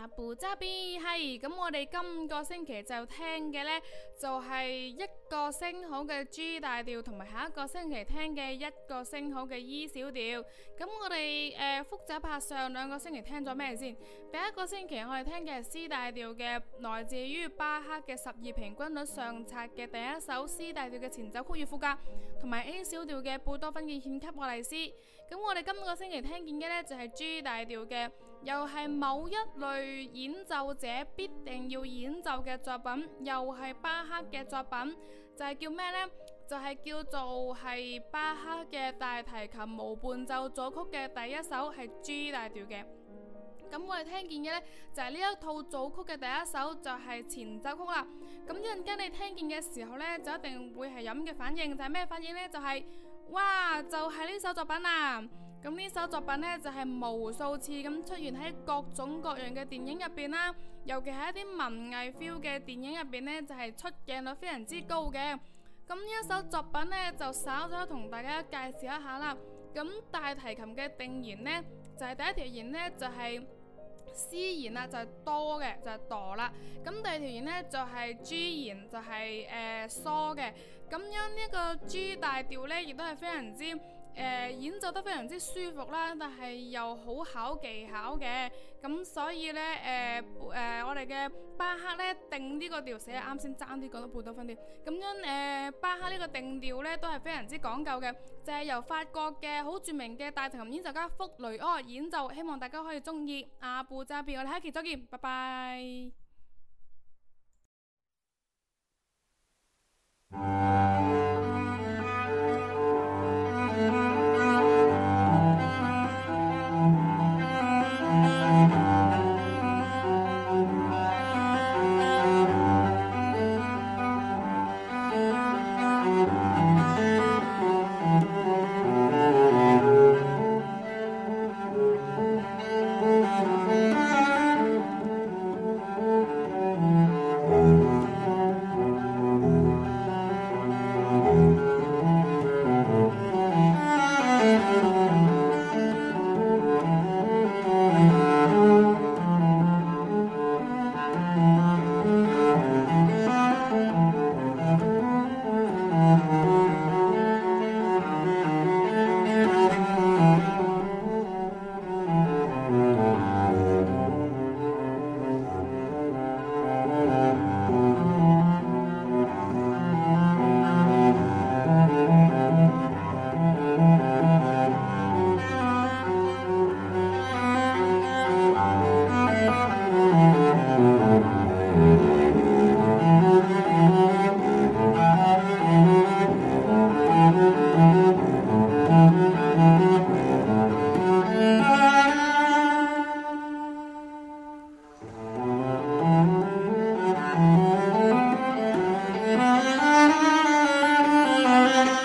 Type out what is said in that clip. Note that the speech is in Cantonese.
啊，B 係咁，我哋今個星期就聽嘅呢，就係、是、一個升號嘅 G 大調，同埋下一個星期聽嘅一個升號嘅 E 小調。咁我哋誒、呃、複習下上兩個星期聽咗咩先？第一個星期我哋聽嘅係 C 大調嘅，來自於巴赫嘅十二平均律上冊嘅第一首 C 大調嘅前奏曲與賦格，同埋 A 小調嘅貝多芬嘅獻給愛麗絲。咁我哋今個星期聽見嘅呢，就係、是、G 大調嘅，又係某一類。演奏者必定要演奏嘅作品，又係巴赫嘅作品，就係叫咩呢？就係叫做係巴赫嘅大提琴無伴奏組曲嘅第一首，係 G 大調嘅。咁我哋聽見嘅呢，就係呢一套組曲嘅第一首，就係前奏曲啦。咁一陣間你聽見嘅時候呢，就一定會係咁嘅反應，就係咩反應呢？就係哇，就係呢首作品啊！咁呢首作品呢，就係、是、無數次咁出現喺各種各樣嘅電影入邊啦，尤其係一啲文藝 feel 嘅電影入邊呢，就係、是、出鏡率非常之高嘅。咁呢一首作品呢，就稍稍同大家介紹一下啦。咁大提琴嘅定弦呢，就係、是、第一條弦呢，就係、是、C 弦啦，就係、是、多嘅，就係多啦。咁第二條弦呢，就係、是、G 弦，就係誒嗦嘅。咁因呢個 G 大調呢，亦都係非常之。誒、呃，演奏得非常之舒服啦，但係又好考技巧嘅，咁所以咧，誒、呃，誒、呃，我哋嘅巴赫咧定呢個調寫啱先爭啲講到貝多芬啲，咁樣誒、呃，巴赫呢個定調咧都係非常之講究嘅，就係、是、由法國嘅好著名嘅大提琴演奏家福雷厄演奏，希望大家可以中意阿布扎比，我哋下一期再見，拜拜。